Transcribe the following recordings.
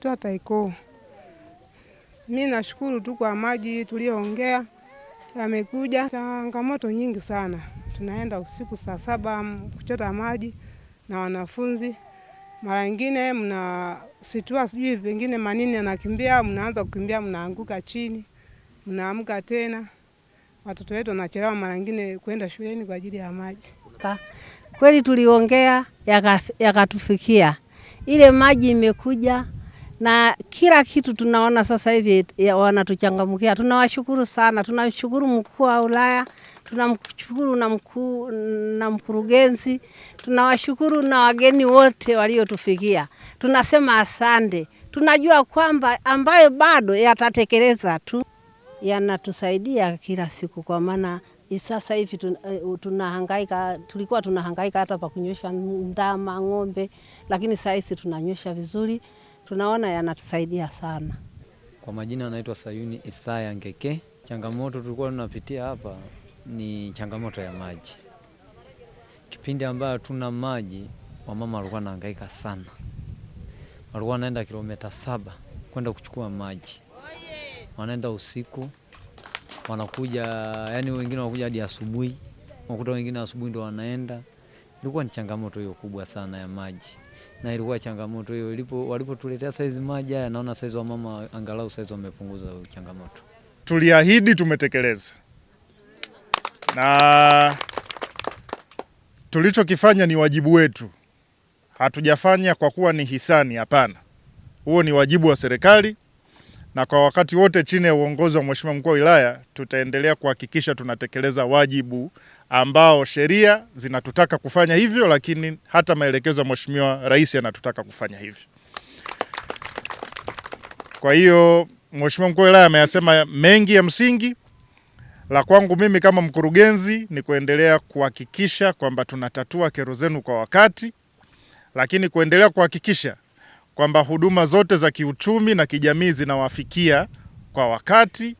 Hata iko Mimi nashukuru tu kwa maji tuliyoongea, yamekuja. Changamoto nyingi sana, tunaenda usiku saa saba kuchota maji na wanafunzi, mara nyingine situa sijui pengine manini anakimbia, mnaanza kukimbia, mnaanguka chini, mnaamka tena. Watoto wetu wanachelewa mara nyingine kwenda shuleni kwa ajili ya maji. Kweli tuliongea, yakatufikia, yaka ile maji imekuja na kila kitu tunaona sasa hivi e, wanatuchangamkia. Tunawashukuru sana, tunamshukuru mkuu wa ulaya tunamshukuru na mkuu na mkurugenzi, tunawashukuru na wageni wote waliotufikia, tunasema asante. Tunajua kwamba ambayo bado yatatekeleza tu, yanatusaidia kila siku, kwa maana sasa hivi e, tunahangaika, tulikuwa tunahangaika hata pa kunyosha ndama, ng'ombe, lakini sahizi hizi vizuri tunaona yanatusaidia sana. Kwa majina anaitwa Sayuni Isaya Ngeke. Changamoto tulikuwa tunapitia hapa ni changamoto ya maji. Kipindi ambayo hatuna maji, wamama walikuwa wanahangaika sana, walikuwa wanaenda kilomita saba kwenda kuchukua maji, wanaenda usiku, wanakuja yani, wengine wanakuja hadi asubuhi, unakuta wengine asubuhi ndo wanaenda. Ilikuwa ni changamoto hiyo kubwa sana ya maji na ilikuwa changamoto hiyo ilipo, walipotuletea saizi maji naona saizi wa mama angalau saizi wamepunguza changamoto. Tuliahidi, tumetekeleza, na tulichokifanya ni wajibu wetu. Hatujafanya kwa kuwa ni hisani, hapana. Huo ni wajibu wa serikali, na kwa wakati wote chini ya uongozi wa Mheshimiwa Mkuu wa Wilaya tutaendelea kuhakikisha tunatekeleza wajibu ambao sheria zinatutaka kufanya hivyo, lakini hata maelekezo ya Mheshimiwa Rais yanatutaka kufanya hivyo. Kwa hiyo Mheshimiwa mkuu wa wilaya ameyasema mengi ya msingi. La kwangu mimi kama mkurugenzi ni kuendelea kuhakikisha kwamba tunatatua kero zenu kwa wakati, lakini kuendelea kuhakikisha kwamba huduma zote za kiuchumi na kijamii zinawafikia kwa wakati.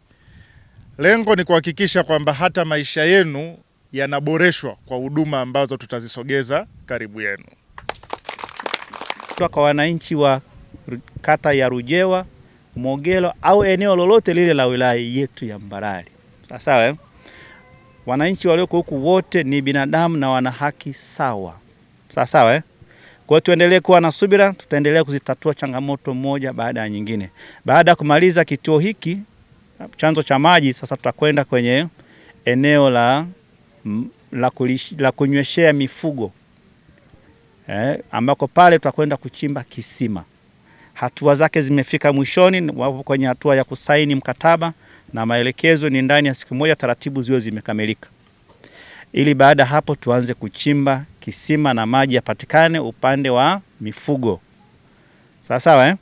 Lengo ni kuhakikisha kwamba hata maisha yenu yanaboreshwa kwa huduma ambazo tutazisogeza karibu yenu. Kwa wananchi wa kata ya Rujewa, Mogelo au eneo lolote lile la wilaya yetu ya Mbarali, sawa eh? Wananchi walioko huku wote ni binadamu na wana haki sawa, sawa eh? Kwa hiyo tuendelee kuwa na subira, tutaendelea kuzitatua changamoto moja baada ya nyingine. Baada ya kumaliza kituo hiki chanzo cha maji, sasa tutakwenda kwenye eneo la la kunyweshea mifugo eh, ambako pale tutakwenda kuchimba kisima. Hatua zake zimefika mwishoni, wapo kwenye hatua ya kusaini mkataba na maelekezo ni ndani ya siku moja taratibu ziwe zimekamilika, ili baada hapo tuanze kuchimba kisima na maji yapatikane upande wa mifugo. Sawa sawa eh?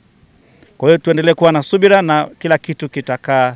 Kwa hiyo tuendelee kuwa na subira na kila kitu kitakaa